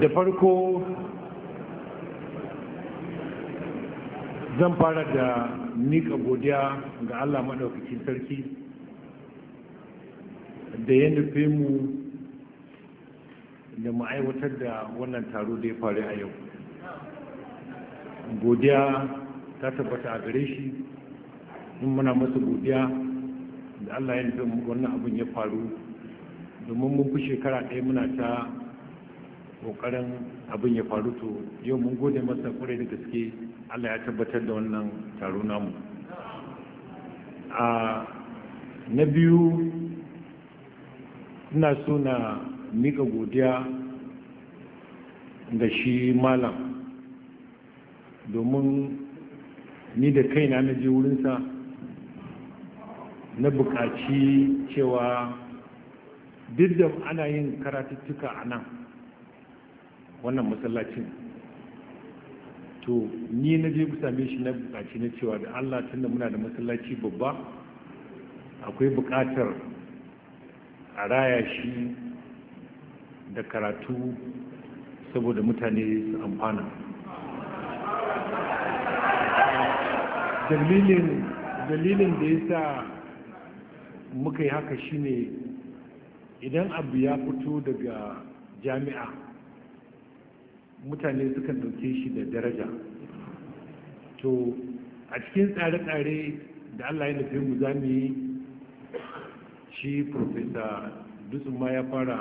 da farko zan fara da nika godiya ga allah maɗaukacin sarki da ya nufe mu da mu da wannan taro da ya faru a yau godiya ta tabbata a gare shi in muna masa godiya da allah ya nufi wannan abin ya faru domin mun fi shekara ɗaya muna ta kokarin abin ya faru to yau mun gode masa kwarai da gaske Allah ya tabbatar da wannan taro namu na biyu ina so na mika godiya ga shi malam domin ni da kaina na je wurinsa na buƙaci cewa duk da ana yin karatuttuka a nan wannan masallacin to ni na je ku same shi na bukaci na cewa da Allah tunda muna da masallaci babba akwai bukatar a raya shi da karatu saboda mutane su amfana dalilin da ya sa muka yi haka shine idan abu ya fito daga jami'a mutane sukan dauke shi da daraja to a cikin tsare-tsare da allah ya nufi mu zamu yi shi profesa dutsun ma ya fara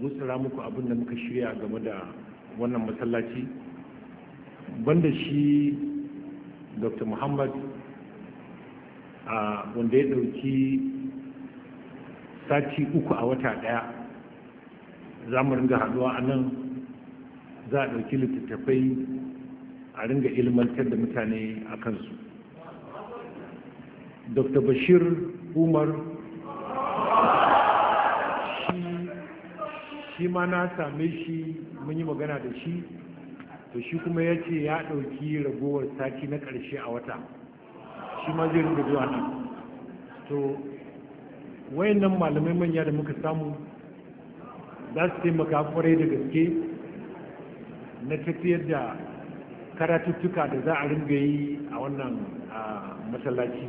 gutsura muku abin da muka shirya game da wannan masallaci banda shi dr muhammad a wanda ya dauki sati uku a wata daya za mu ringa haduwa a nan za a ɗauki littattafai a ringa ilmantar da mutane a kansu dr bashir umar shi ma na same shi mun yi magana da shi to shi kuma ya ce ya ɗauki ragowar sati na ƙarshe a wata shi ma zai ringa zuwa nan to wayannan malamai manya da muka samu za su taimaka kwarai da gaske na tafiyar da karatuttuka da za a ringa yi a wannan masallaci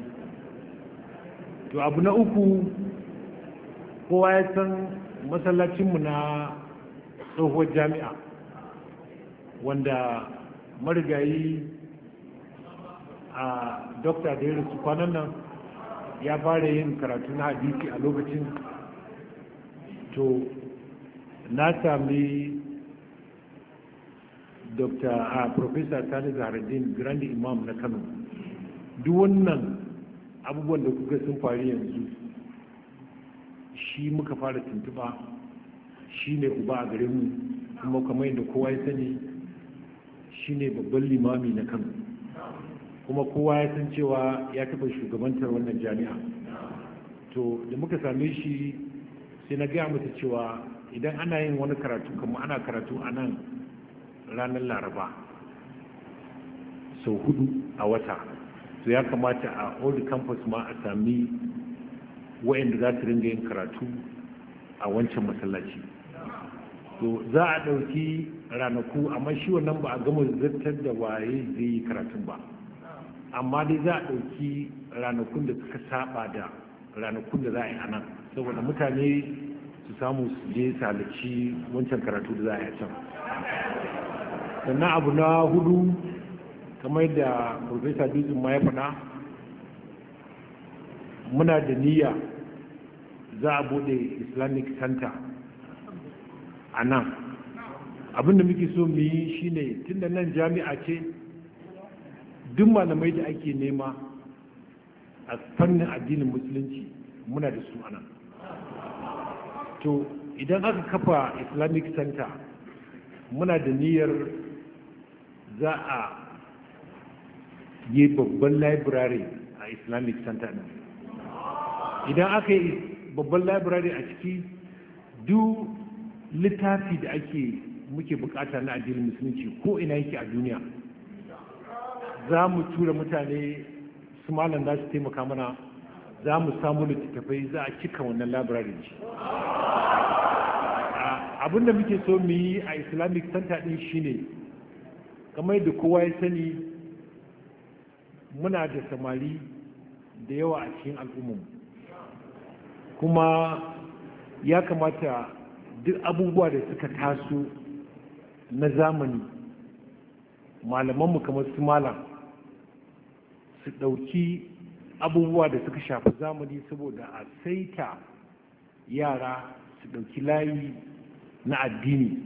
to abu na uku kowa ya san masallacinmu na tsohuwar jami'a wanda marigayi a dokta da ya rasu kwanan nan ya fara yin karatu na hadisi a lokacin to na sami dr ah, professor talib haradin grand imam na kano duk wannan abubuwan da kuka sun faru yanzu shi muka fara tuntuba shi ne uba a gare mu kuma kamar yadda kowa ya sani shi ne babban limami na kano kuma kowa ya san cewa ya taɓa shugabantar wannan jami'a to da muka same shi sai na gaya mata cewa idan ana yin wani karatu kamar ana karatu a nan ranar laraba sau hudu a wata su ya kamata a old campus ma a sami wa'anda za su ringa yin karatu a wancan masallaci to za a ɗauki ranaku amma shi wannan ba a gama zartar da waye zai yi karatun ba amma dai za a ɗauki ranakun da suka saba da ranakun da za a yi a nan saboda mutane su samu su je su wancan karatu da za a yi a can sannan abu na hudu kamar da profesa dutsen ma ya fana muna da niyya za a bude islamic center a nan abinda muke so mu yi shine tunda nan jami'a ce duk malamai da ake nema a fannin addinin musulunci muna da su a nan to idan aka kafa islamic center muna da niyyar za a yi babban library a islamic center ɗin idan aka yi babban library a ciki duk littafi da ake muke bukata na addinin musulunci ko ina yake a duniya za mu tura mutane su malam za su taimaka mana za mu samu littattafai za a cika wannan labirari ce abinda muke so mu yi a islamic center din shine kamar da kowa ya sani muna da samari da yawa a cikin al'ummu kuma ya kamata duk abubuwa da suka taso na zamani malamanmu kamar su malam su ɗauki abubuwa da suka shafi zamani saboda a saita yara su ɗauki layi na addini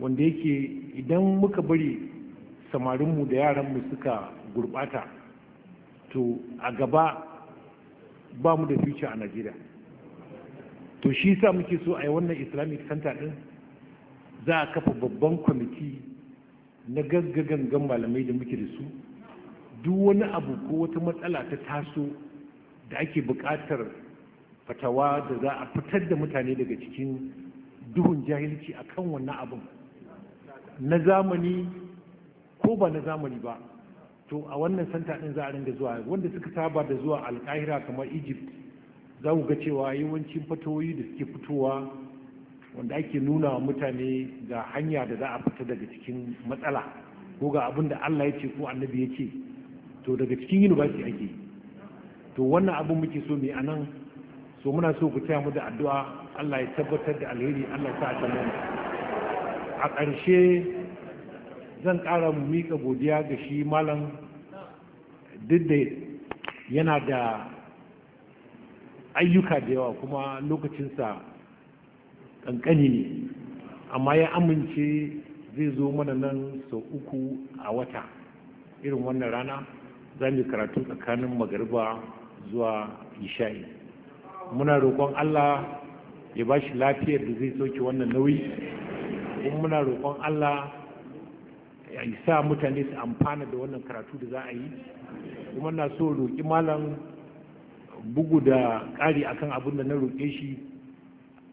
wanda yake idan muka bari samarinmu da yaranmu suka gurbata to a gaba ba mu da fice a najeriya to shi sa muke so a yi wannan islamic center din za a kafa babban kwamiti na gaggagangan malamai da muke da su duk wani abu ko wata matsala ta taso da ake buƙatar fatawa da za a fitar da mutane daga cikin duhun jahilci a kan wannan abin na zamani ko ba na zamani ba to a wannan santa ɗin za a ringa zuwa wanda suka saba da zuwa alkahira kamar egypt za ku ga cewa yawancin fatoyi da suke fitowa wanda ake nuna wa mutane ga hanya da za a fita daga cikin matsala ko ga abin da allah ya ce ko annabi ya ce to daga cikin university ake to wannan abin muke so mai anan so muna so ku taya mu da addu'a Allah ya tabbatar da alheri Allah ya sa a a ƙarshe zan ƙara mu mika godiya ga shi malam duk da yana da ayyuka da yawa kuma lokacinsa ƙanƙani ne amma ya amince zai zo mana nan sau uku a wata irin wannan rana za mu karatu tsakanin magariba zuwa isha'i muna roƙon allah ya ba shi lafiyar da zai soke wannan nauyi in muna roƙon Allah ya sa mutane su amfana da wannan karatu da za a yi kuma na so roƙi malam bugu da ƙari akan abin da na roƙe shi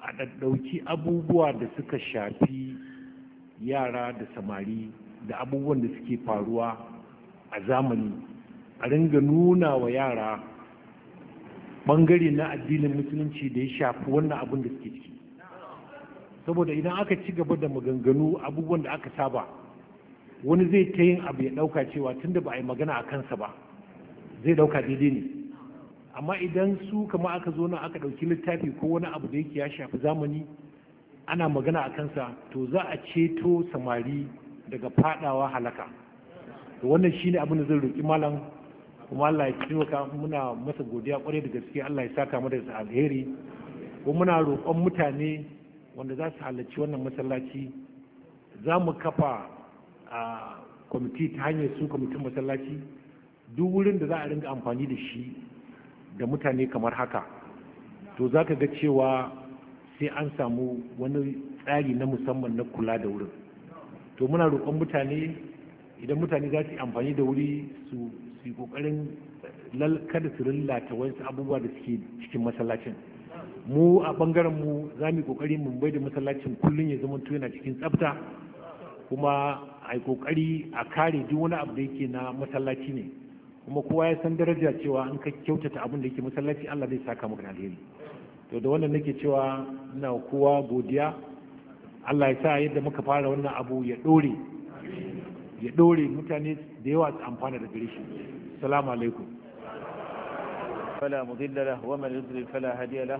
a ɗauki abubuwa da suka shafi yara da samari da abubuwan da suke faruwa a zamani a ringa nuna wa yara ɓangare na addinin musulunci da ya shafi wannan abin da suke ciki saboda idan aka ci gaba da maganganu abubuwan da aka saba wani zai ta yin abu ya ɗauka cewa tunda ba a yi magana a kansa ba zai ɗauka daidai ne amma idan su kama aka zo na aka ɗauki littafi ko wani abu da yake ya shafi zamani ana magana a kansa to za a ceto samari daga fadawa halaka to wannan shine abin da zai roƙi malam kuma Allah ya taimaka muna masa godiya ƙwarai da gaske Allah ya saka mu da alheri ko muna roƙon mutane wanda za su halarci wannan masallaci za mu kafa a kwamiti ta hanyar su kwamitin masallaci duk wurin da za a ringa amfani da shi da mutane kamar haka to za ka ga cewa sai an samu wani tsari na musamman na kula da wurin to muna roƙon mutane idan mutane za su yi amfani da wuri su yi ƙoƙarin kada su lalata wasu abubuwa da suke cikin masallacin mu a bangaren mu za mu yi kokari mu bai da masallacin kullum ya zama yana cikin tsafta kuma a yi kokari a kare duk wani abu da yake na masallaci ne kuma kowa ya san daraja cewa in ka kyautata abin da yake masallaci Allah zai saka maka alheri to da wannan nake cewa ina kowa godiya Allah ya sa yadda muka fara wannan abu ya dore ya dore mutane da yawa su amfana da gare shi assalamu alaikum فلا مضل له ومن يضلل فلا هادي له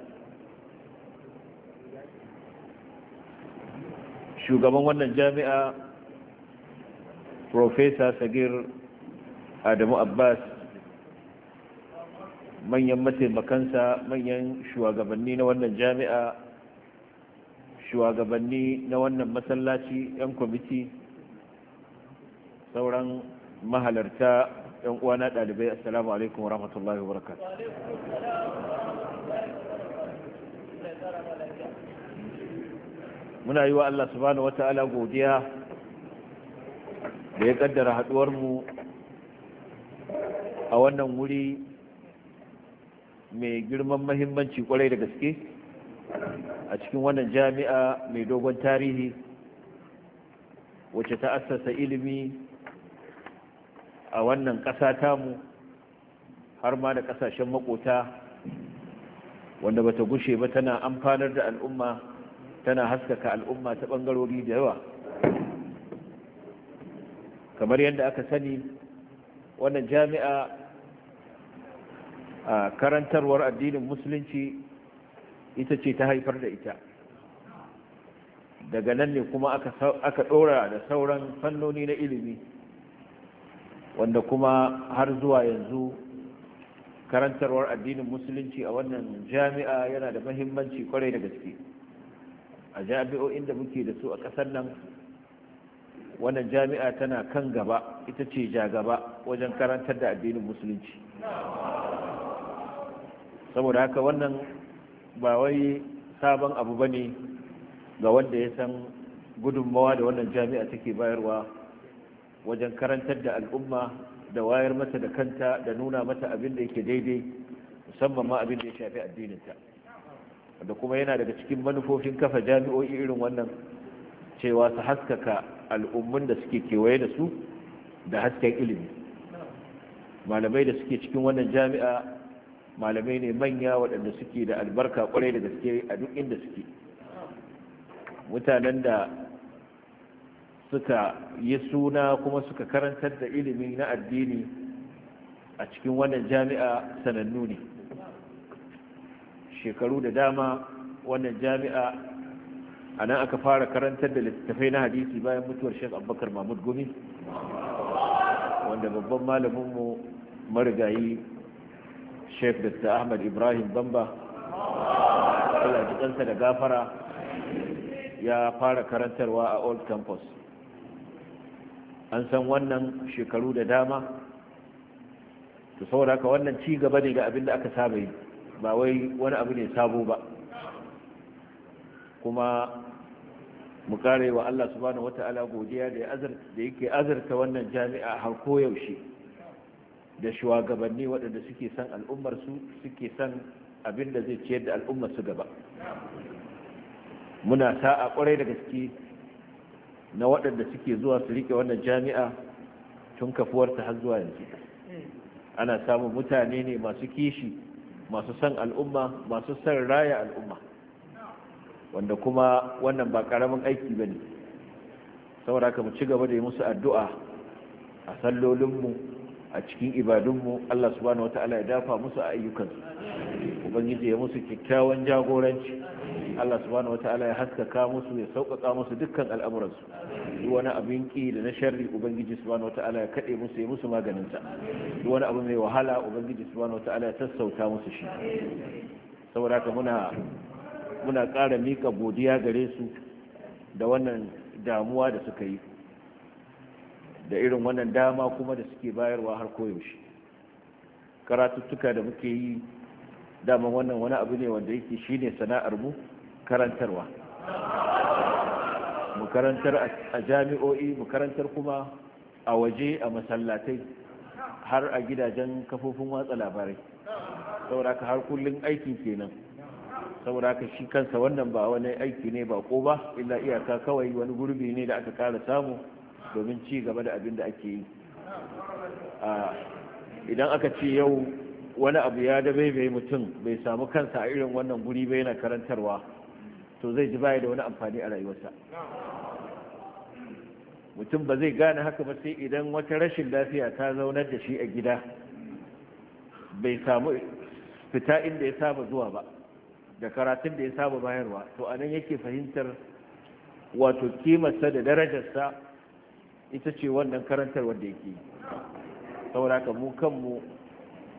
shugaban wannan jami'a profesa sagir adamu abbas manyan mataimakansa manyan shugabanni na wannan jami'a shugabanni na wannan masallaci 'yan kwamiti sauran mahalarta 'yan uwana ɗalibai assalamu alaikum wa rahmatullahi wa barakatuh muna yi wa Allah subhanahu wata'ala godiya da ya kaddara mu a wannan wuri mai girman mahimmanci kwarai da gaske a cikin wannan jami'a mai dogon tarihi wacce ta assasa ilimi a wannan ƙasa tamu har ma da ƙasashen makota wanda bata gushe ba tana amfanar da al'umma tana haskaka al'umma ta bangarori da yawa kamar yadda aka sani wannan jami'a a karantarwar addinin musulunci ita ce ta haifar da ita daga nan ne kuma aka ɗora da sauran fannoni na ilimi wanda kuma har zuwa yanzu karantarwar addinin musulunci a wannan jami'a yana da mahimmanci kwarai da gaske a jami'o'in da muke da su a ƙasar nan wannan jami'a tana kan gaba ita ce ja gaba wajen karantar da addinin musulunci saboda haka wannan ba wai sabon abu ba ne ga wanda ya san gudunmawa da wannan jami'a take bayarwa wajen karantar da al'umma da wayar mata da kanta da nuna mata abin da yake daidai musamman ma abin da ya shafi addininta. da kuma yana daga cikin manufofin kafa jami'o'i irin wannan cewa su haskaka al'ummun da suke kewaye da su da hasken ilimi malamai da suke cikin wannan jami'a malamai ne manya waɗanda suke da albarka kwarai da gaske a duk inda suke mutanen da suka yi suna kuma suka karantar da ilimi na addini a cikin wannan jami'a sanannu ne shekaru da dama wannan jami'a a nan aka fara karantar da littattafai na hadisi bayan mutuwar shek abubakar mahmud gumi wanda babban malaminmu marigayi shek dr ahmad ibrahim bamba Allah da gafara ya fara karantarwa a old campus an san wannan shekaru da dama to saboda haka wannan ci gaba ne ga abin da aka saba yi ba wai wani abu ne sabo ba kuma mu kare wa Allah subhanahu wata'ala godiya da da yake azarta wannan jami'a har koyaushe da shugabanni waɗanda suke son su suke son abin da zai ciyar da su gaba muna sa'a kwarai da gaske na waɗanda suke zuwa su rike wannan jami'a tun kafuwarta har zuwa yanzu ana samun mutane ne masu kishi masu san al'umma masu san raya al'umma wanda kuma wannan ba karamin aiki ba ne saboda haka mu ci gaba da yi musu addu'a a sallolinmu a cikin ibadunmu Allah subhanahu wata'ala ya dafa musu a ayyukansu ubangiji ya musu kyakkyawan jagoranci Allah subhanahu wataala ya haskaka musu ya sauƙaƙa musu dukkan al'amuransu duk wani abin ki da na sharri ubangiji subhanahu wataala ya kade musu ya musu maganin sa duk wani abu mai wahala ubangiji subhanahu wataala ya sassauta musu shi saboda haka muna muna ƙara mika godiya gare su da wannan damuwa da suka yi da irin wannan dama kuma da suke bayarwa har koyaushe karatuttuka da muke yi daman wannan wani abu ne wanda yake shine sana'ar mu karantarwa mu a jami'o'i mu kuma a waje a masallatai har a gidajen kafofin watsa labarai ka har kullum aikin kenan ka shi kansa wannan ba wani aiki ne ba ko ba illa iyaka kawai wani gurbi ne da aka kara samu domin ci gaba da abin da ake yi idan aka ce yau wani abu ya da mutum bai samu kansa a irin wannan guri bai na karantarwa to zai ji baya da wani amfani a rayuwarsa mutum ba zai gane haka ba sai idan wata rashin lafiya ta zaunar da shi a gida bai samu fita inda ya saba zuwa ba da karatun da ya saba bayarwa to anan yake fahimtar wato kimarsa da darajarsa ita ce wannan karantar wanda yake saboda haka mu kanmu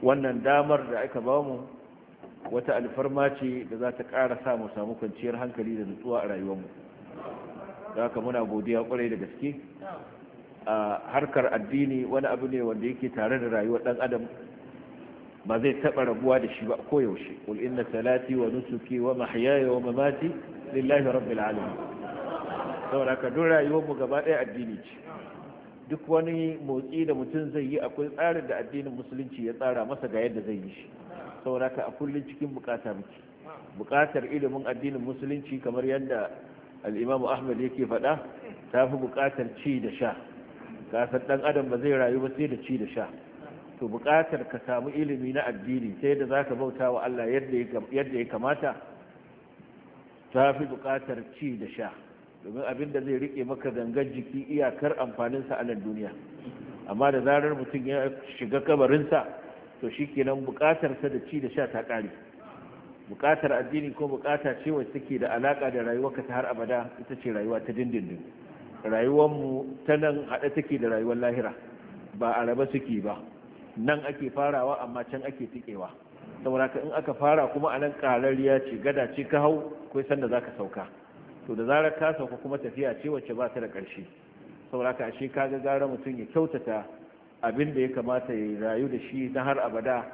wannan damar da aka bamu wata alfarma ce da za ta ƙara sa mu samu kwanciyar hankali da nutsuwa a rayuwarmu Za ka muna godiya kwarai da gaske a harkar addini wani abu ne wanda yake tare da rayuwar ɗan adam ba zai taɓa rabuwa da shi ba koyaushe ƙul inna salati wa nusuki wa mahyaya wa mamati lillahi rabbil alamin saboda ka duk rayuwar mu gaba ɗaya addini ce duk wani motsi da mutum zai yi akwai tsarin da addinin musulunci ya tsara masa ga yadda zai yi shi saurata a kullum cikin bukata muke bukatar ilimin addinin musulunci kamar yadda al'imamu ahmad yake faɗa ta fi bukatar ci da sha kasar ɗan adam ba zai rayu ba sai da ci da sha to bukatar ka samu ilimi na addini sai da za bauta wa allah yadda ya kamata ta fi bukatar ci da sha domin abin da zai rike maka gangan jiki iyakar amfaninsa a nan duniya amma da zarar mutum ya shiga kabarinsa to shikenan bukatar sa da ci da sha ta kare bukatar addini ko bukata ce wacce take da alaka da rayuwarka ta har abada ita ce rayuwa ta dindindin rayuwar mu ta nan hada take da rayuwar lahira ba a raba suke ba nan ake farawa amma can ake tikewa saboda ka in aka fara kuma a nan karariya ce gada ce ka hau kai sanda zaka sauka to da zarar ka sauka kuma tafiya ce wacce ba ta da ƙarshe saboda ka ashe kaga gara mutum ya kyautata abin da ya kamata ya rayu da shi na har abada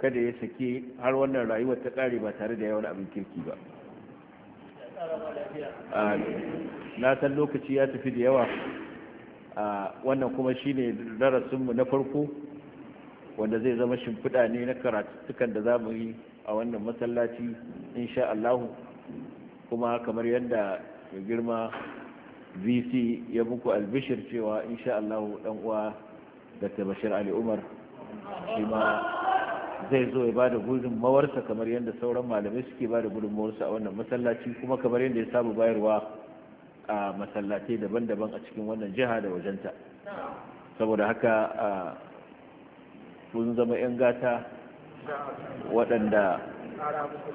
kada ya sake har wannan rayuwar ta kare ba tare da yawan abin kirki ba na san lokaci ya tafi da yawa wannan kuma shi ne darasinmu na farko wanda zai zama shimfiɗa ne na karatuttukan da za mu yi a wannan masallaci insha Allahu kuma kamar yadda girma vc ya muku albishir cewa insha Allahu uwa dr bashir ali umar shi ma zai zo ya ba da gudunmawarsa kamar yadda sauran malamai suke ba da gudunmawarsa a wannan masallaci kuma kamar yadda ya samu bayarwa a masallatai daban-daban a cikin wannan jiha da wajenta saboda haka sun zama 'yan gata waɗanda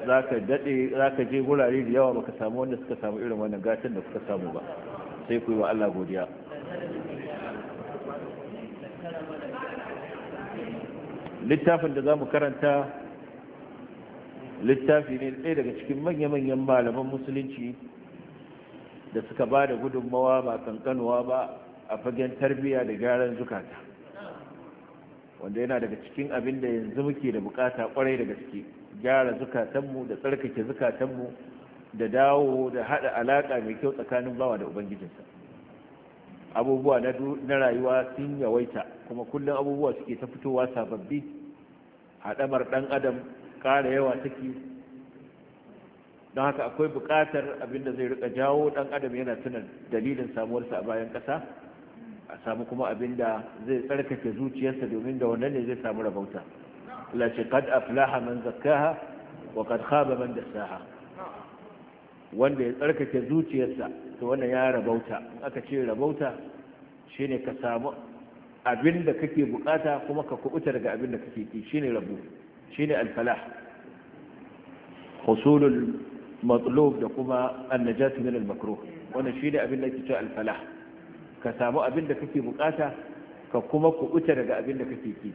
za ka je wurare da yawa baka samu wanda suka samu irin wannan gatan da kuka samu ba sai ku yi wa Allah godiya littafin da za mu karanta littafi ne ɗaya daga cikin manya-manyan malaman musulunci da suka ba da gudunmawa ba kankanuwa ba a fagen tarbiyya da gyaran zukata wanda yana daga cikin abin da yanzu muke da bukata kwarai da gaske gyara zukatanmu da tsarkake zukatanmu da dawo da haɗa alaƙa mai kyau tsakanin bawa da ubangijinsa abubuwa na rayuwa sun yawaita kuma kullum abubuwa suke ta fitowa sababbi haɗamar ɗan adam ƙara yawa take don haka akwai buƙatar abinda zai rika jawo ɗan adam yana tuna dalilin samuwarsa a bayan ƙasa a samu kuma abinda zai tsarkake zuciyarsa domin da wannan ne zai samu rabauta Allah ce kad aflaha man zakkaha wa kad khaba man dassaha wanda ya tsarkake zuciyarsa to wannan ya rabauta in aka ce rabauta shine ka samu abin da kake bukata kuma ka kubuta daga abin da kake ki shine rabu shine al-falah husulul matlub da kuma an-najat min al-makruh wannan shine abin da kike al-falah ka samu abin da kake bukata ka kuma kubuta daga abin da kake ki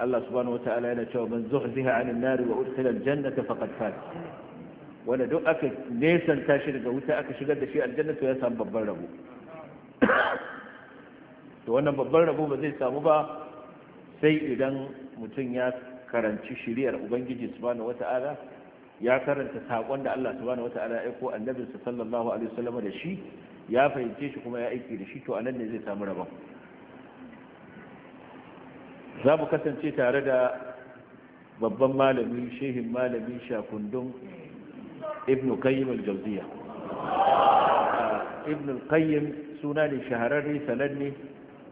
Allah subhanahu wataala yana cewa man zuhziha 'anil nar wa udkhila al-jannata faqad faz wanda duk aka nesanta shi daga wuta aka shigar da shi aljanna to ya samu babban rabu. to wannan babban rabo ba zai samu ba sai idan mutum ya karanci shiriyar ubangiji subhanahu wata'ala ya karanta sakon da Allah subhanahu wata'ala ya aiko annabinsa sallallahu alaihi wasallam da shi ya fahimce shi kuma ya aiki da shi to anan ne zai samu rabon za mu kasance tare da babban malami shehin malami shakundun ibn qayyim al-jawziya ah, ibn qayyim suna ne shahararre sananne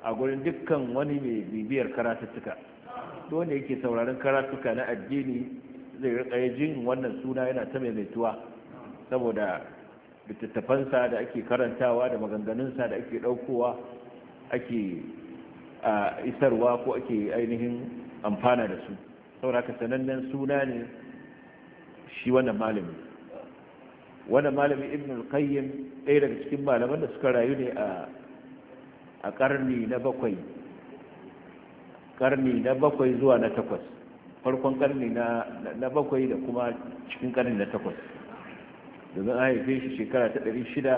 a gurin dukkan wani mai bibiyar karatuttuka dole yake sauraron karatuka na addini zai riƙa jin wannan suna yana ta maimaituwa saboda littattafansa da ake karantawa da maganganunsa da ake ɗaukowa ake isarwa ko ake ainihin amfana da su saboda ka sanannen suna ne shi wannan malami wannan malami ibn al-qayyim ɗaya daga cikin malaman da suka rayu ne a a ƙarni na bakwai ƙarni na bakwai zuwa na takwas farkon ƙarni na bakwai da kuma cikin ƙarni na takwas domin an haife shi shekara ta ɗari shida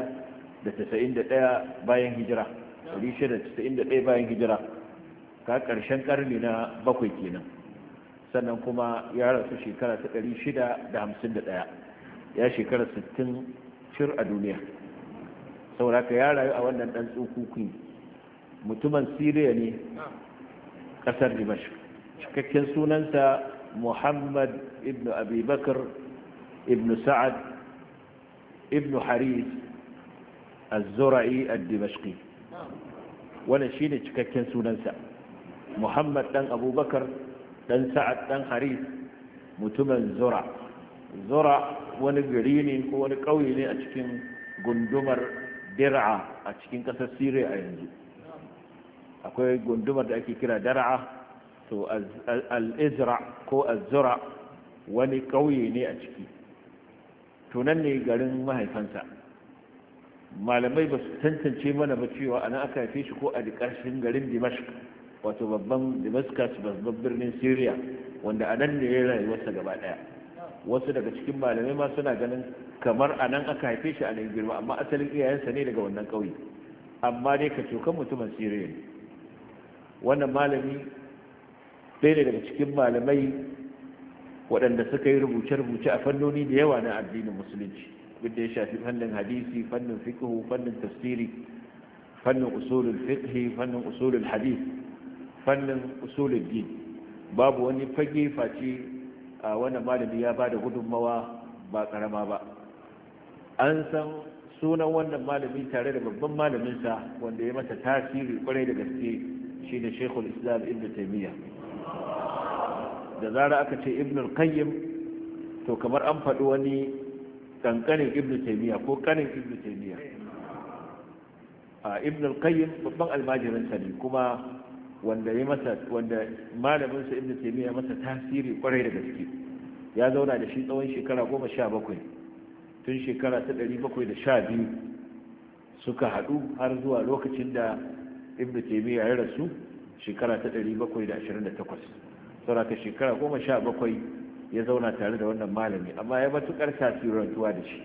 da tasa'in da ɗaya bayan hijira ɗari shida da tasa'in da ɗaya bayan hijira ka ƙarshen ƙarni na bakwai kenan sannan kuma ya rasu shekara ta ɗari shida da hamsin da ɗaya ya shekara sittin shir a duniya sauraka ya rayu a wannan ɗan tsukukun mutumin siriya ne kasar dimashq cikakken sunansa muhammad ibn abubakar ibn sa'ad ibn haris az-zura'i dimashqi wannan shine cikakken sunansa muhammad dan abubakar dan sa'ad dan haris mutumin zura zura wani gari ne ko wani ƙauye ne a cikin gundumar dir'a a cikin ƙasar siriya yanzu akwai gundumar da ake kira dara'a to al-izra ko az-zura wani kauye ne a ciki tunan ne garin mahaifansa malamai ba su tantance mana ba cewa ana aka haife shi ko a ƙarshen garin dimashq wato babban damascus babban birnin syria wanda a ne ya rayuwarsa gaba daya wasu daga cikin malamai ma suna ganin kamar anan aka haife shi a nan girma amma asalin iyayensa ne daga wannan ƙauye amma dai ka cokan mutumin syria ne wannan malami ɗaya daga cikin malamai waɗanda suka yi rubuce-rubuce a fannoni da yawa na addinin musulunci duk ya shafi fannin hadisi fannin fiqhu fannin tafsiri fannin usulul fiqhi fannin usulul hadisi, fannin usulul din babu wani fage face a wannan malami ya ba da gudunmawa ba karama ba an san sunan wannan malami tare da babban malaminsa wanda ya masa tasiri kwarai da gaske shi ne shekul islam ibn taimiyya da zara aka ce ibn qayyim to kamar an faɗi wani ƙanƙanin ibn taimiyya ko kanin ibn taimiyya a ibn qayyim babban almajiranta ne kuma wanda ya masa wanda malaminsa ibn taimiyya masa tasiri kwarai da gaske ya zauna da shi tsawon shekara goma sha bakwai tun shekara ta ɗari bakwai da sha biyu suka haɗu har zuwa lokacin da ibnu taymiya ya rasu shekara ta 728 saboda shekara sha bakwai ya zauna tare da wannan malami amma ya matuƙar tasirantuwa da shi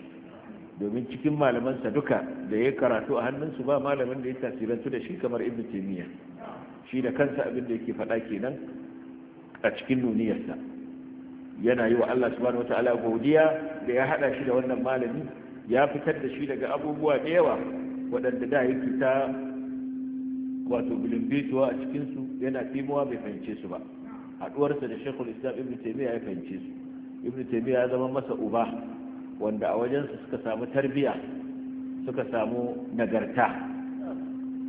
domin cikin malamansa duka da ya karatu a hannunsu ba malamin da ya tasirantu da shi kamar ibnu taymiya shi da kansa abin da yake faɗa kenan a cikin duniyarsa yana yi wa Allah subhanahu wataala godiya da ya haɗa shi da wannan malami ya fitar da shi daga abubuwa da yawa waɗanda da yake ta wato bilimbituwa a cikinsu yana ɗimowa bai fahimce su ba haɗuwarsa da shekul islam ibn taimiyya ya fahimce su ibn taimiyya ya zama masa uba wanda a wajensa suka samu tarbiyya suka samu nagarta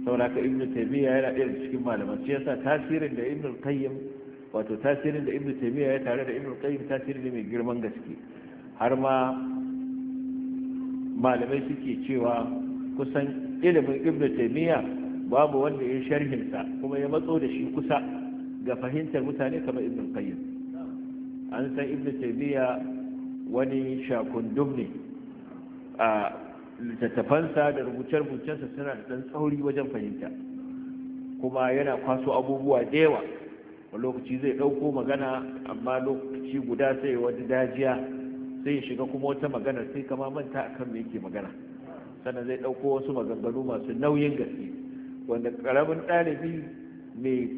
sauraka ibn taimiyya yana ɗaya cikin malaman shi yasa tasirin da ibn qayyim wato tasirin da ibn taimiyya ya tare da ibn qayyim tasiri ne mai girman gaske har ma malamai suke cewa kusan ilimin ibn taimiyya babu wanda ya sharhin sa kuma ya matso da shi kusa ga fahimtar mutane kamar ibn qayyim an san ibn taymiya wani shakundum ne a littattafansa da rubuce-rubucensa suna da ɗan tsauri wajen fahimta kuma yana kwaso abubuwa da yawa lokaci zai ɗauko magana amma lokaci guda sai wata dajiya sai ya shiga kuma wata magana sai kama manta akan me yake magana sannan zai ɗauko wasu maganganu masu nauyin gaske wanda karamin ɗalibi mai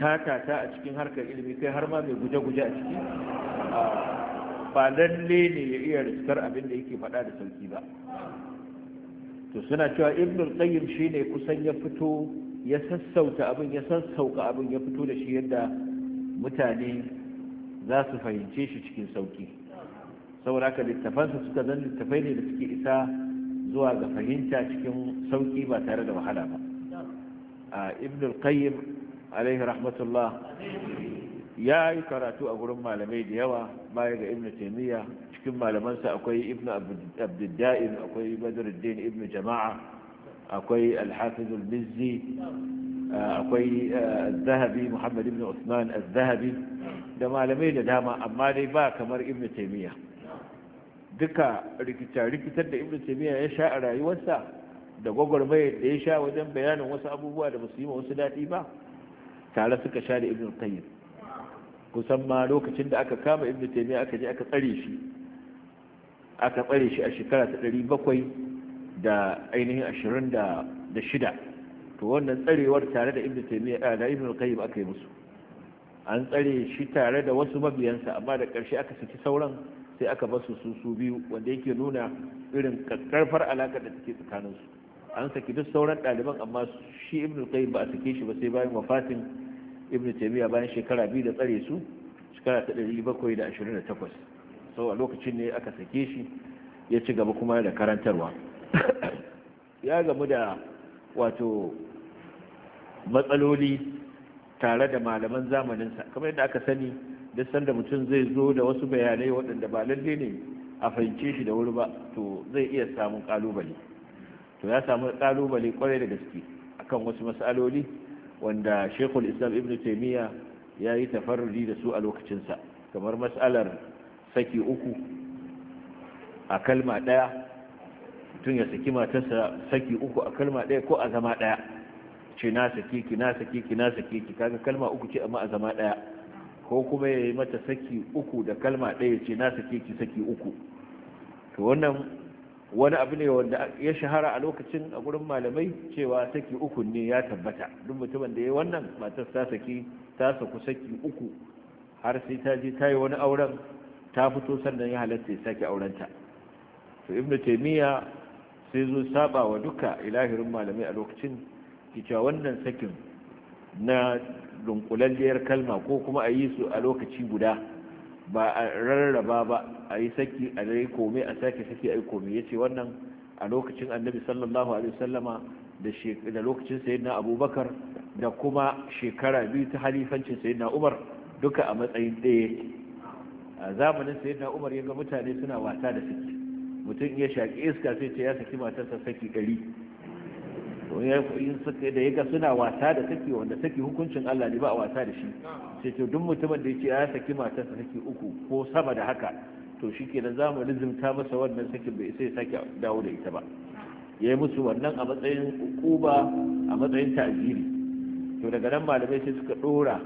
tatata a cikin harkar ilimi kai har ma mai guje-guje a ciki ba lalle ne ya iya riskar abin da yake faɗa da sauki ba to suna cewa ibnul qayyim shine kusan ya fito ya sassauta abin ya sassauka abin ya fito da shi yadda mutane za su fahimce shi cikin sauki saboda haka littafansa suka zan littafai ne da suke isa zuwa ga fahimta cikin sauki ba tare da wahala ba ibn al-qayyim alaihi rahmatullah ya yi karatu a gurin malamai da yawa baya ga ibn taymiya cikin malamansa akwai ibn abdudda'in akwai badruddin ibn jama'a akwai al-hafiz al-mizzi akwai zahabi muhammad ibn usman az-zahabi da malamai da dama amma dai ba kamar ibn taymiya duka rikita rikitar da ibn taymiya ya sha a rayuwarsa da gwagwarmayar da ya sha wajen bayanin wasu abubuwa da basu yi ma wasu daɗi ba tare suka sha da ibn tayyib kusan ma lokacin da aka kama ibn taymiya aka je aka tsare shi aka tsare shi a shekara ta ɗari bakwai da ainihin ashirin shida to wannan tsarewar tare da ibn taymiya da ibn tayyib aka yi musu an tsare shi tare da wasu mabiyansa amma da ƙarshe aka saki sauran sai aka basu su su biyu wanda yake nuna irin karfar alaƙar da take tsakaninsu an saki duk sauran ɗaliban amma shi ibn qayyim ba a sake shi ba sai bayan wafatin ibn taymiya bayan shekara biyu da tsare su shekara ta ɗari bakwai da ashirin da takwas sau a lokacin ne aka sake shi ya ci gaba kuma da karantarwa ya gamu da wato matsaloli tare da malaman zamaninsa kamar yadda aka sani duk sanda mutum zai zo da wasu bayanai waɗanda ba lalle ne a fahimce shi da wuri ba to zai iya samun ƙalubale to ya samu kalubale kwarai da gaske akan wasu mas'aloli wanda shekul islam ibn taimiyya ya yi tafarrudi da su a lokacinsa kamar mas'alar saki uku a kalma ɗaya tun ya saki matarsa saki uku a kalma ɗaya ko a zama ɗaya ce na saki ki na saki ki na saki ki kaga kalma uku ce amma a zama ɗaya ko kuma ya yi mata saki uku da kalma ɗaya ce na saki ki saki uku to wannan wani abu ne wanda ya shahara a lokacin a gurin malamai cewa saki uku ne ya tabbata duk mutumin da ya wannan matar ta saki ta saku saki uku har sai ta je ta yi wani auren ta fito sannan ya halatta ya sake aurenta to ibnu taymiya sai zo saba wa duka ilahirin malamai a lokacin cewa wannan sakin na dunkulalliyar kalma ko kuma a yi su a lokaci guda ba a rarraba ba a yi saki a dai kome a sake saki a yi kome ya ce wannan a lokacin annabi sallallahu alaihi wasallama da lokacin sayyidina abubakar da kuma shekara biyu ta halifancin sayyidina umar duka a matsayin ɗaya a zamanin sayyidina umar ya ga mutane suna wasa da saki mutum ya shaƙi iska sai ce ya saki matarsa saki ɗari da ya ga suna wasa da saki wanda saki hukuncin Allah ne ba a wasa da shi sai to duk mutumin da ya ce ya saki matarsa saki uku ko sama da haka to shi ke za zamu lizimta masa wannan sakin bai sai sake dawo da ita ba ya yi musu wannan a matsayin kuba a matsayin ta'ziri to daga nan malamai sai suka dora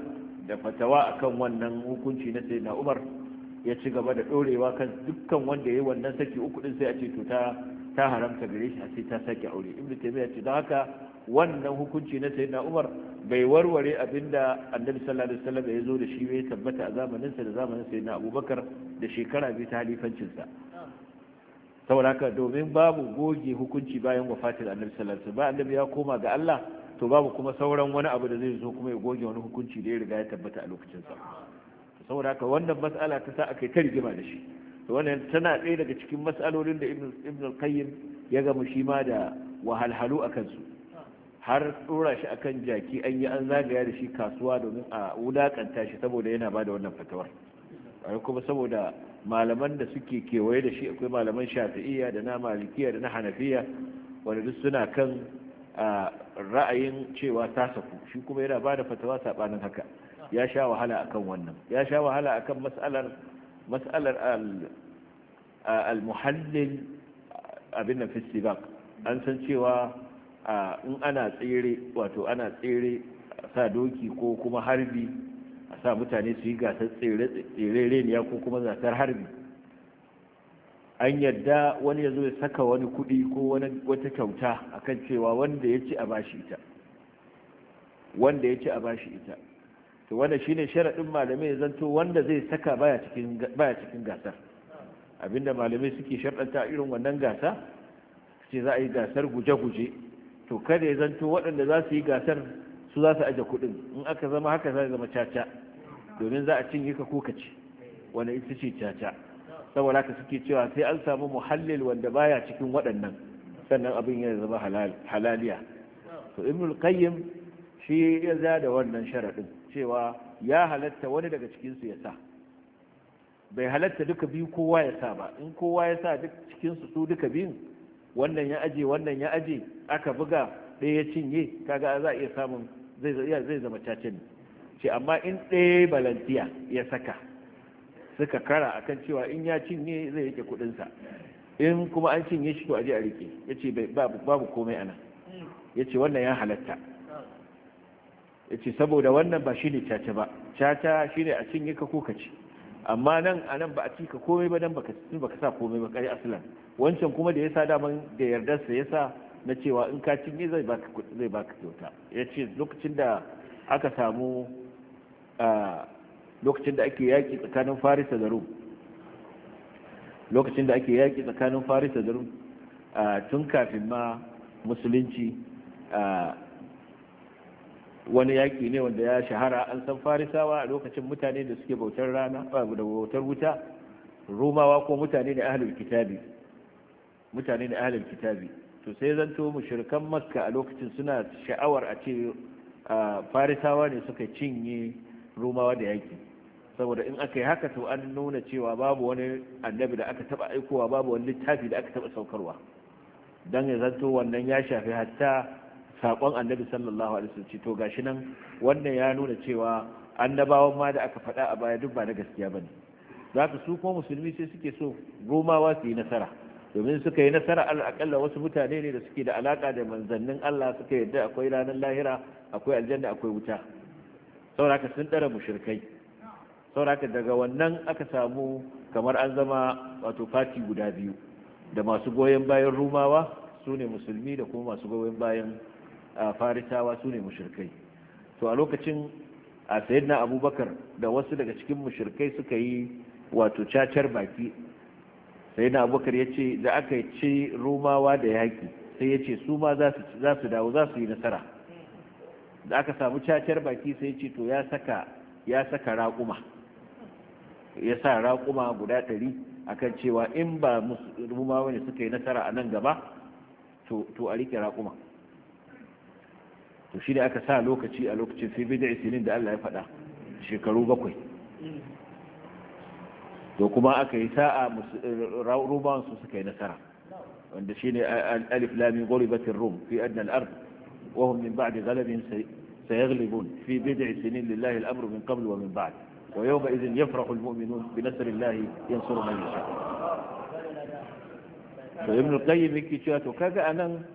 da fatawa akan wannan hukunci na sayyidina Umar ya ci gaba da dorewa kan dukkan wanda ya yi wannan saki uku din sai a ce to ta ta haramta gare shi a sai ta sake aure ibnu taymiya ce don haka wannan hukunci na sayyidina umar bai warware abinda annabi sallallahu alaihi wasallam ya zo da shi ya tabbata a zamanin sa da zamanin sayyidina abubakar da shekara biyu ta halifancin sa saboda haka domin babu goge hukunci bayan wafatin annabi sallallahu alaihi wasallam annabi ya koma ga Allah to babu kuma sauran wani abu da zai zo kuma ya goge wani hukunci da ya riga ya tabbata a lokacin sa saboda haka wannan mas'ala ta sa aka yi ta rigima da shi to wannan tana ɗaya daga cikin matsalolin da ibn al-qayyim ya gama shi ma da wahalhalu a kansu har tsora shi akan jaki an yi an zagaya da shi kasuwa domin a wulakanta shi saboda yana ba da wannan fatawar kuma saboda malaman da suke kewaye da shi akwai malaman shafi'iyya da na malikiya da na hanafiya wanda duk suna kan ra'ayin cewa ta saku shi kuma yana ba da fatawa saɓanin haka ya sha wahala akan wannan ya sha wahala akan matsalar mas'alar al-muhallil abin nan fi an san cewa in ana tsere wato ana tsere sa doki ko kuma harbi a sa mutane su yi gasar tsere ne ko kuma gasar harbi an yadda wani ya zo ya saka wani kuɗi ko wata kyauta akan cewa wanda ya ci a bashi ita wanda ya ci a bashi ita to wanda shine sharadin malamai zanto wanda zai saka baya cikin baya cikin gasar abinda malamai suke sharadanta irin wannan gasa sai za a yi gasar guje-guje to kada ya zanto waɗanda za su yi gasar su za su aje kuɗin in aka zama haka za zama caca domin za a cinye ka ko kaci wanda ita ce caca saboda haka suke cewa sai an samu muhallil wanda baya cikin waɗannan sannan abin ya zama halaliya to ibnul qayyim shi ya da wannan sharadin cewa ya halatta wani daga cikinsu ya sa bai halatta duka biyu kowa ya sa ba in kowa ya sa duk cikinsu su duka biyun wannan ya aje wannan ya aje aka buga ɗaya ya cinye kaga za a iya samun zai zama cacin ce amma in ɗaya balantiya ya saka suka kara akan cewa in ya cinye zai rike kuɗinsa in kuma an cinye shi to aje a rike ya ce babu komai anan ya ce wannan ya halatta yace saboda wannan ba shine caca ba caca shine a cinye ka ko ka ci amma nan a nan ba a cika komai ba dan baka baka sa komai ba kai aslan wancan kuma da yasa daman da yardar sa yasa na cewa in ka cinye zai baka zai baka kyauta yace lokacin da aka samu lokacin da ake yaki tsakanin Farisa da Rum lokacin da ake yaki tsakanin Farisa da Rum tun kafin ma musulunci wani yaki ne wanda ya shahara an san farisawa a lokacin mutane da suke bautar rana da bautar wuta rumawa ko mutane da ahlul kitabi mutane da ahlul kitabi to sai zanto mushrikan makka a lokacin suna sha'awar a ce farisawa ne suka cinye rumawa da yaki saboda in aka yi haka to an nuna cewa babu wani annabi da aka taba aikowa babu wani littafi da aka taba saukarwa dan ya zanto wannan ya shafi hatta saƙon annabi sallallahu alaihi wasallam to gashi nan wannan ya nuna cewa annabawan ma da aka faɗa a baya duk ba na gaskiya bane za ka su kuma musulmi sai suke so romawa su yi nasara domin suka yi nasara al'akalla wasu mutane ne da suke da alaka da manzannin Allah suka yadda akwai ranar lahira akwai aljanna akwai wuta sauraka sun ɗara mushrikai sauraka daga wannan aka samu kamar an zama wato fati guda biyu da masu goyon bayan rumawa su ne musulmi da kuma masu goyon bayan farisawa su ne mushrikai to a lokacin a sayyidina abubakar da wasu daga cikin mushrikai suka yi wato cacar baki sayyidina abubakar ya ce da aka ci romawa da yaƙi sai ya ce su ma za su dawo za su yi nasara da aka samu cacar baki sai ya ce to ya saka raƙuma ya sa raƙuma guda ɗari kan cewa in ba Rumawa ne suka yi nasara a nan gaba to a rike raƙuma to shi ne aka sa lokaci a lokacin bai da sinin da Allah ya faɗa shekaru bakwai to kuma aka yi sa'a rubawan su suka yi nasara wanda shi ne alif lami ghuribatir rum fi adna al wahun min ba'ad min sai ghalabin fi bai da sinin lillahi al min qabl wa min ba'ad wa yau yawma idhin yafrahu al-mu'minun bi nasrillahi yansuru man yasha to ibn al-qayyim yake cewa to kaga anan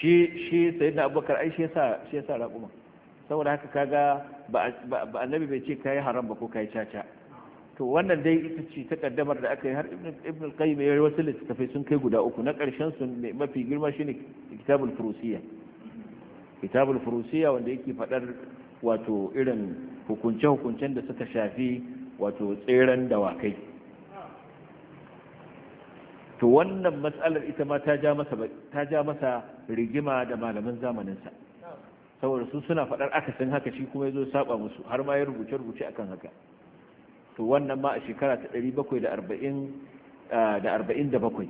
shi shi na abubakar ai shi yasa shi raƙuma saboda haka kaga ba annabi bai ce kai haram ba ko kai caca to wannan dai ita ce ta kaddamar da aka yi har ibn al-qayyim ya wasu littattafai sun kai guda uku na ƙarshen su mafi girma shine kitabul furusiya kitabul furusiya wanda yake faɗar wato irin hukunce-hukuncen da suka shafi wato tseren dawakai to wannan matsalar ita ma ta ja masa rigima da malaman sa saboda su suna faɗar akasin haka shi kuma ya zo saba musu har ma ya rubuce rubuce akan haka to wannan ma a shekara ta 747 da 47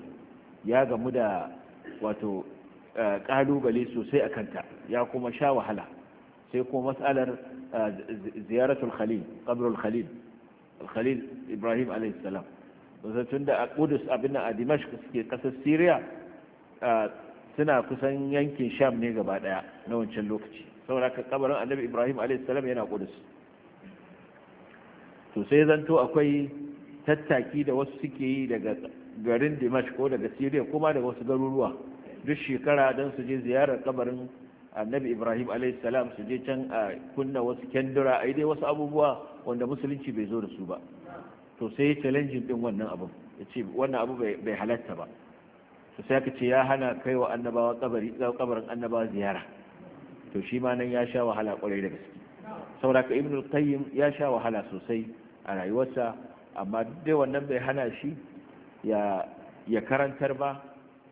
ya gamu da wato ƙalubale sosai a kanta ya kuma sha wahala sai kuma matsalar ziyaratul khalil qabrul khalil khalil ibrahim alayhi salam musan tun da a kudus abin a dimash suke kasar siriya suna kusan yankin sham ne gaba daya na wancan lokaci saboda ka kabarin annabi ibrahim a.s. yana kudus to sai zanto akwai tattaki da wasu suke yi daga garin dimash ko daga siriya kuma daga wasu garuruwa duk shekara don su je ziyarar kabarin annabi ibrahim a.s. su je can a kunna wasu kyandira a dai wasu abubuwa wanda musulunci bai zo da su ba to sai ya challenging din wannan abu ya ce wannan abu bai halatta ba to sai aka ce ya hana kai wa annabawa kabari kabarin annabawa ziyara to shi ma nan ya sha wahala kwarai da gaske saboda ka ibnu qayyim ya sha wahala sosai a rayuwarsa amma duk wannan bai hana shi ya ya karantar ba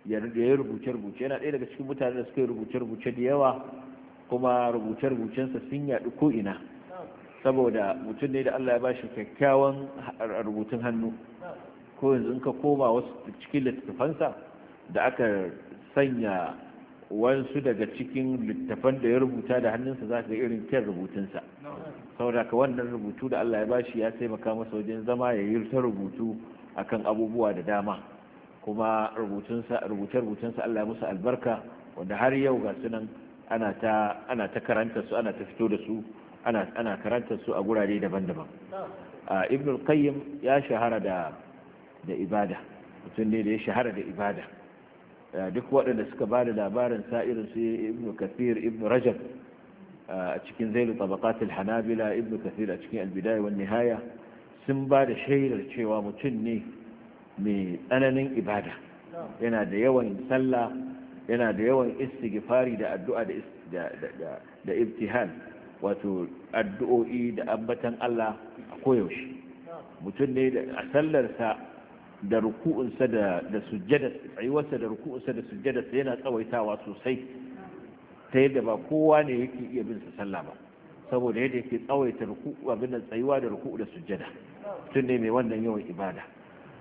ya yi rubuce-rubuce yana ɗaya daga cikin mutane da suka yi rubuce-rubuce da yawa kuma rubuce-rubucensa sun yaɗu ina. saboda mutum ne da Allah ya bashi kyakkyawan rubutun hannu ko yanzu in ka koma wasu cikin littafansa da aka sanya wasu daga cikin littafan da ya rubuta da hannunsa za ka irin kyan rubutunsa saboda ka wannan rubutu da Allah ya bashi ya taimaka masa wajen zama ya yi ta rubutu akan abubuwa da dama kuma rubutunsa rubuce-rubutunsa Allah ya musu albarka wanda har yau ga sunan ana ta karanta su ana ta fito da su ana karantar su a gurare daban-daban ibn al-qayyim ya shahara da ibada mutum ne da ya shahara da ibada duk waɗanda suka ba da labarin sa'irin su ibn kathir ibn rajab a cikin zailu tabaqat hanabila ibn kathir a cikin al-bidaya wan sun ba da shaidar cewa mutum ne mai tsananin ibada yana da yawan sallah yana da yawan istighfari da addu'a da da da ibtihal wato addu'o'i da ambatan Allah a koyaushe mutum ne a sallarsa da ruku'unsa da sujjada tsayuwarsa da ruku'unsa da sujjada yana tsawaitawa sosai ta yadda ba kowa ne yake iya bin sa sallah ba saboda yadda yake tsawaita ruku'u abin da tsayuwa da ruku'u da sujjada mutum ne mai wannan yawan ibada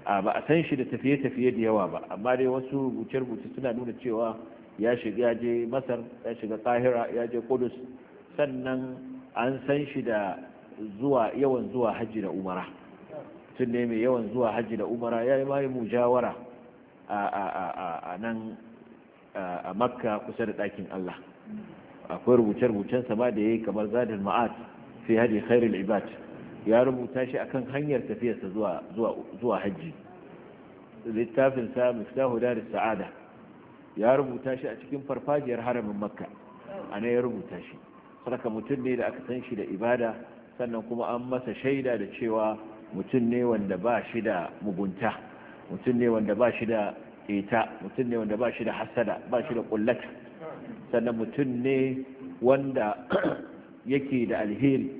a ba a san shi da tafiye-tafiye da yawa ba amma dai wasu rubuce-rubuce suna nuna cewa ya shiga ya je masar ya shiga kahira ya je kudus sannan an san shi da zuwa yawan zuwa hajji da umara tun ne mai yawan zuwa hajji da umara ya yi mai mujawara a nan a makka kusa da ɗakin allah akwai rubuce-rubucen sama da ya yi kamar zadin ma'at fi hadi khairul ibad ya rubuta shi akan hanyar tafiyarsa zuwa zuwa hajji littafin sa miftahu da sa'ada ya rubuta shi a cikin farfajiyar haramin makka a ya rubuta shi saraka mutum ne da aka san shi da ibada sannan kuma an masa shaida da cewa mutum ne wanda ba shi da mugunta mutum ne wanda ba shi da ita mutum ne wanda ba shi da hasada ba shi da kullata sannan mutum ne wanda yake da alheri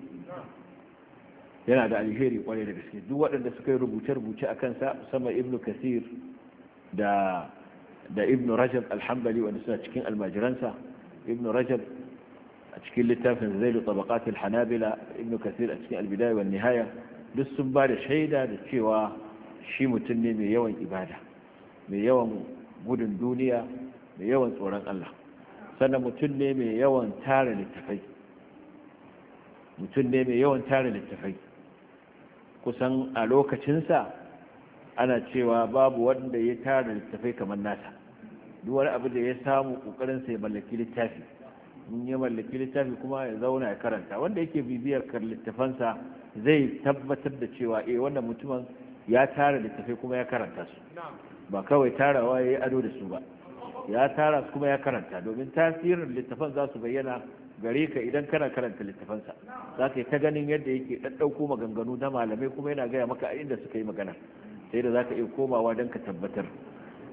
yana da alheri kwarai da gaske duk waɗanda suka yi rubuce-rubuce a kansa musamman ibnu kasir da da ibnu rajab alhambali wanda suna cikin almajiransa ibnu rajab cikin littafin zailu tabaqatil hanabila ibnu kasir a cikin albidaya wan nihaya duk sun ba da shaida da cewa shi mutum ne mai yawan ibada mai yawan gudun duniya mai yawan tsoron Allah sannan mutum ne mai yawan tara littafai mutum ne mai yawan tara littafai kusan a lokacinsa ana cewa babu wanda ya tara littafai kamar nasa duk wani abu da ya samu kokarin sai mallaki littafi in ya mallaki littafi kuma ya zauna ya karanta wanda yake bibiyar littafansa zai tabbatar da cewa eh wannan mutumin ya tara littafai kuma ya karanta su ba kawai tarawa ya yi ado da su ba ya tara kuma ya karanta domin tasirin littafan za su bayyana gare ka idan kana karanta littafansa za ka yi ta ganin yadda yake ɗaɗɗauko maganganu na malamai kuma yana gaya maka a inda suka yi magana sai da za ka iya komawa don ka tabbatar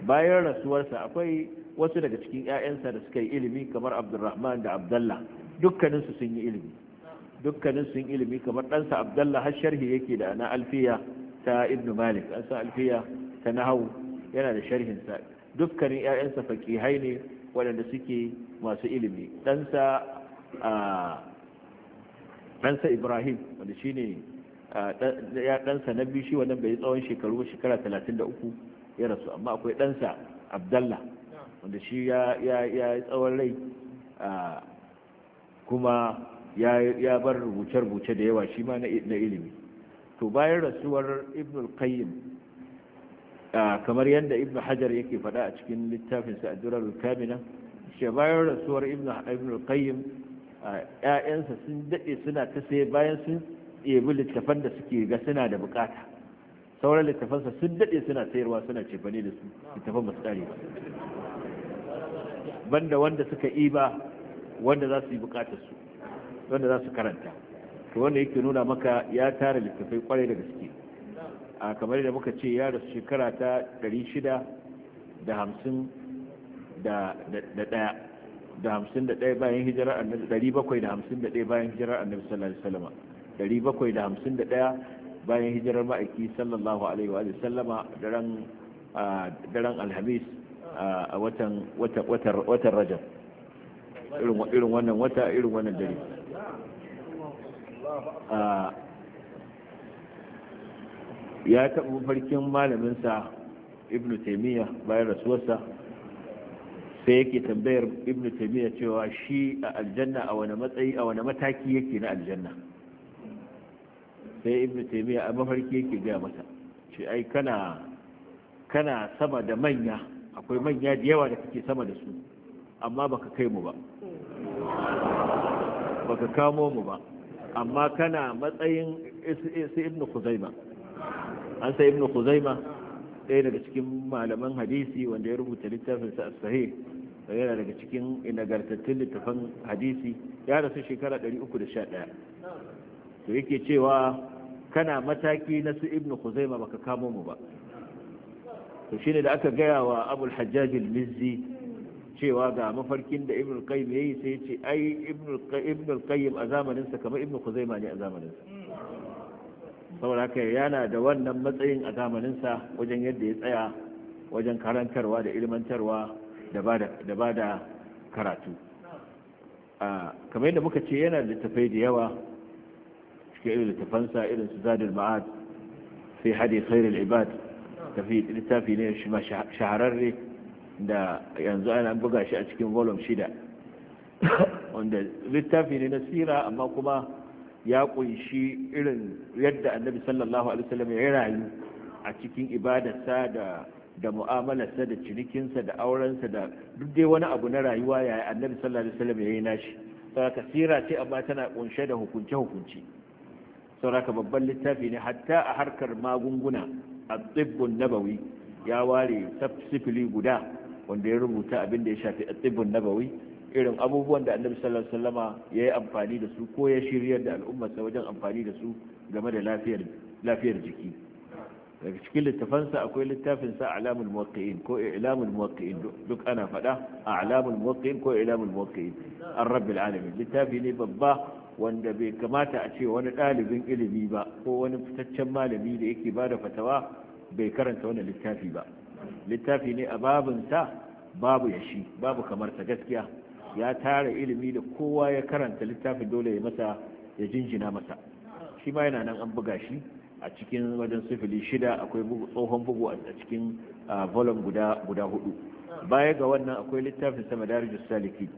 bayan rasuwarsa akwai wasu daga cikin 'ya'yansa da suka yi ilimi kamar abdulrahman da abdallah dukkaninsu sun yi ilimi dukkaninsu sun ilimi kamar ɗansa abdallah har sharhi yake da na alfiya ta ibnu malik an san alfiya ta nahawu yana da sharhinsa dukkanin 'ya'yansa faƙihai ne waɗanda suke masu ilimi ɗansa ɗansa ibrahim wanda shi ne ɗansa na biyu shi wannan bai tsawon shekaru shekara uku ya rasu amma akwai ɗansa abdallah wanda shi ya yi tsawon rai kuma ya bar rubuce-rubuce da yawa shi ma na ilimi to bayan rasuwar ibn qayyim kamar yadda ibn hajar yake faɗa a cikin littafinsa a durar kamina shi bayan rasuwar ibn qayyim ‘ya'yansa sun daɗe suna ta sai bayan sun ɗebi littafan da suke ga suna da bukata sauran littafansa sun daɗe suna sayarwa suna cefane da su littafan masu ɗari ba banda wanda suka iba wanda za su yi bukatar su wanda za su karanta to wanda yake nuna maka ya tara littafai kwarai da gaske a kamar da muka ce ya rasu shekara ta 650 da daya da hamsin da ɗaya bayan hijirar annabi ɗari bakwai da hamsin da ɗaya bayan hijirar annabi sallallahu alaihi wasallama ɗari bakwai da hamsin da ɗaya bayan hijirar ma'aiki sallallahu alaihi wa sallama daren alhamis a watan watan rajab irin wannan wata irin wannan dare ya taɓa mafarkin malaminsa ibn taimiyya bayan rasuwarsa sai yake tambayar ibn taimiyya cewa shi a aljanna a wani matsayi a wani mataki yake na aljanna sai ibn taimiyya a mafarki yake gaya masa ce ai kana kana sama da manya akwai manya da yawa da kake sama da su amma baka kai mu ba baka kamo mu ba amma kana matsayin su ibn Khuzaima an sai ibn Khuzaima ɗaya daga cikin malaman hadisi wanda ya rubuta littafin sa sahih yana daga cikin inagartattun littafan hadisi ya rasu shekara 311 to yake cewa kana mataki na su ibn Khuzaima baka kamo mu ba to shine da aka gaya wa abul hajjaj al-mizzi cewa ga mafarkin da ibnu qayyim yayi sai ya ce ai ibnu qayyim a zamanin sa kamar ibnu khuzaima ne a zamanin sa saboda haka yana da wannan matsayin a zamanin sa wajen yadda ya tsaya wajen karantarwa da ilmantarwa da bada da bada karatu a kamar yadda muka ce yana da littafai da yawa cikin irin littafansa irin su zadul ma'ad fi hadi khairul ibad tafid littafi ne shi ma shahararre da yanzu ana buga shi a cikin volume shida wanda littafi ne na sira amma kuma ya kunshi irin yadda annabi sallallahu alaihi wasallam ya rayu a cikin ibadarsa da da mu'amalarsa da cinikinsa da aurensa da duk dai wani abu na rayuwa ya annabi sallallahu alaihi wasallam ya yi nashi saboda sira ce amma tana kunshe da hukunce hukunce saboda babban littafi ne hatta a harkar magunguna at-tibbun nabawi ya ware sifili guda wanda ya rubuta abin da ya shafi at-tibbun nabawi irin abubuwan da annabi sallallahu alaihi ya yi amfani da su ko ya shiryar da al'ummarsa wajen amfani da su game da lafiyar lafiyar jiki daga cikin littafansa akwai littafin sa alamul muwaqqi'in ko i'lamul muwaqqi'in duk ana faɗa alamul muwaqqi'in ko i'lamul muwaqqi'in an rabbil alamin littafi ne babba wanda bai kamata a ce wani ɗalibin ilimi ba ko wani fitaccen malami da yake ba da fatawa bai karanta wani littafi ba littafi ne a babinsa babu ya babu kamar sa gaskiya ya tara ilimi da kowa ya karanta littafin dole ya masa ya jinjina masa shi ma yana nan an buga shi a cikin wajen sifili shida akwai tsohon bugu a cikin volume guda hudu baya ga wannan akwai littafin sa madarijus salikin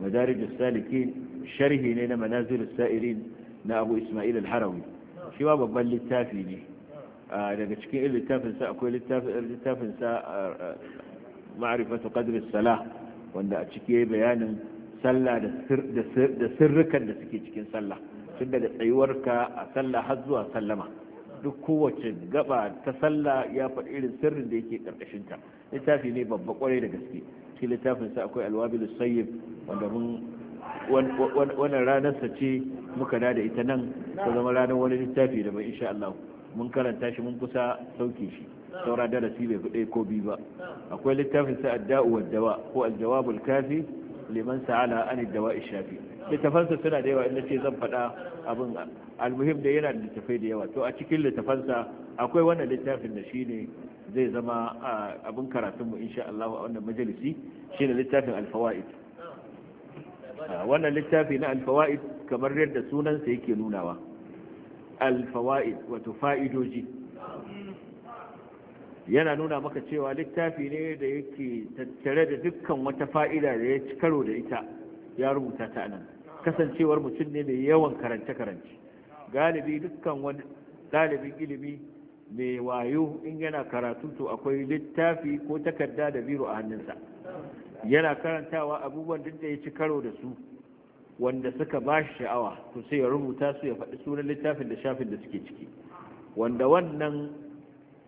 madarijus salikin sharhi ne na manazir sa'irin na abu ismail al-harawi shi ma babban littafi ne daga cikin irin littafinsa akwai littafinsa ma'arifatu qadri salah wanda a ciki bayanin sallah da sirrukan da suke cikin sallah tun daga tsayuwarka a sallah har zuwa sallama duk kowace gaba ta sallah ya faɗi irin sirrin da yake karkashinta littafi ne babba kwarai da gaske shi littafinsa akwai alwabil sayyib wanda mun wannan ranarsa ce muka da da ita nan ta zama ranar wani littafi da mai insha Allah mun karanta shi mun kusa sauke shi saura darasi bai fi ko biyu ba akwai littafin sa adda'u wa dawa ko aljawabul kafi liman sa'ala an dawa shafi sa suna da yawa inda ce zan faɗa abin almuhim da yana da littafai da yawa to a cikin sa akwai wannan littafin da shine zai zama ah, abin karatunmu insha Allah a wannan majalisi shine littafin alfawaid wannan littafi na alfawa'id kamar yadda sunansa yake nunawa alfawa'id wato fa'idoji yana nuna maka cewa littafi ne da yake tattare da dukkan wata fa'ida da ya ci karo da ita ya rubuta ta nan kasancewar mutum ne mai yawan karance-karance galibi dukkan wani ɗalibin ilimi mai wayo in yana karatu to akwai littafi ko takarda da biro a hannunsa yana karantawa abubuwan duk da ya ci karo da su wanda suka ba shi sha'awa to sai ya rubuta su ya faɗi sunan littafin da shafin da suke ciki wanda wannan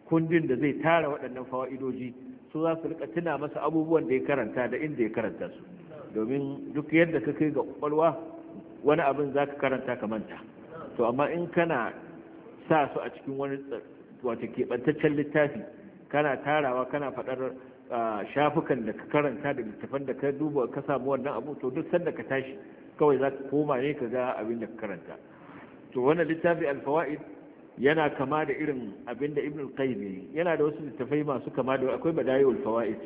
kundin da zai tara waɗannan fawa'idoji su za su rika tuna masa abubuwan da ya karanta da inda ya karanta su domin duk yadda ka kai ga kwakwalwa wani abin za ka karanta ka manta to amma in kana sa su a cikin wani wata keɓantaccen littafi kana tarawa kana faɗar shafukan da ka karanta da littafan da ka duba ka samu wannan abu to duk sanda ka tashi kawai za ka koma ne ka ga abin da ka karanta to wannan littafi alfawaid yana kama da irin abin da ibn al-qayyim yana da wasu littafai masu kama da akwai badayul fawaid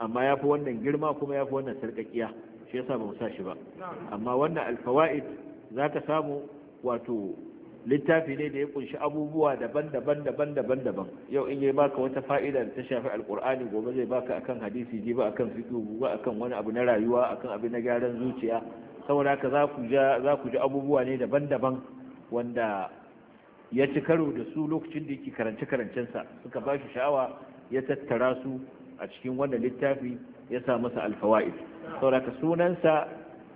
amma yafi wannan girma kuma yafi wannan sarkakiya shi yasa ba mu sa shi ba amma wannan al-fawaid zaka samu wato littafi ne da ya kunshi abubuwa daban-daban daban-daban daban yau in yi baka wata fa'ida da ta shafi alkur'ani gobe zai baka akan hadisi ji ba akan fiqh ba akan wani abu na rayuwa akan abu na gyaran zuciya saboda haka za ku ja ji abubuwa ne daban-daban wanda ya ci karo da su lokacin da yake karance karancen sa suka ba shi sha'awa ya tattara su a cikin wannan littafi ya sa masa alfawaid saboda haka sunansa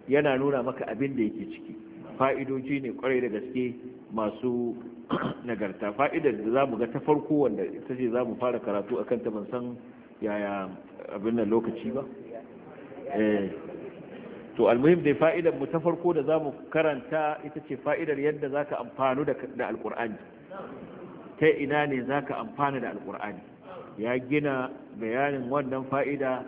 yana nuna maka abin da yake ciki fa'idoji ne kwarai da gaske masu nagarta fa'idar da za mu ga ta farko wanda ita ce za mu fara karatu a kanta ban san yaya abin nan lokaci ba eh. to almuhim dai fa'idar mu ta farko da za mu karanta ita ce fa'idar yadda za ka amfanu da alkur'ani ta ina ne za ka amfana da alkur'ani ya gina bayanin wannan fa'ida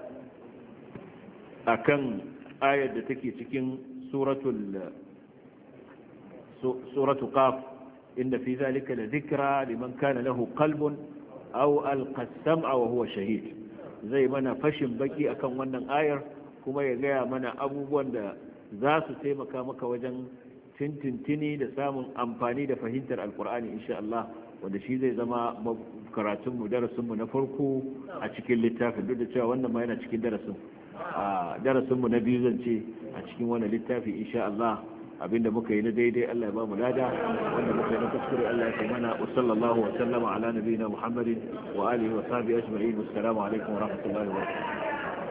a kan ayar da take cikin suratul suratu qaf inda fi zalika la dhikra liman kana lahu qalbun aw alqa sam'a wa huwa shahid zai mana fashin baki akan wannan ayar kuma ya gaya mana abubuwan da za su taimaka maka wajen tintintini da samun amfani da fahimtar alkur'ani insha Allah wanda shi zai zama karatun mu darasin mu na farko a cikin littafin duk da cewa wannan ma yana cikin darasin na biyu zan a cikin wannan littafi insha abinda muka yi na daidai Allah ya ba mu lada wanda muka yi na kuskure Allah ya kamana wa sallallahu wa sallama ala nabiyina Muhammadin wa alihi wa sahbihi ajma'in assalamu alaikum wa rahmatullahi wa barakatuh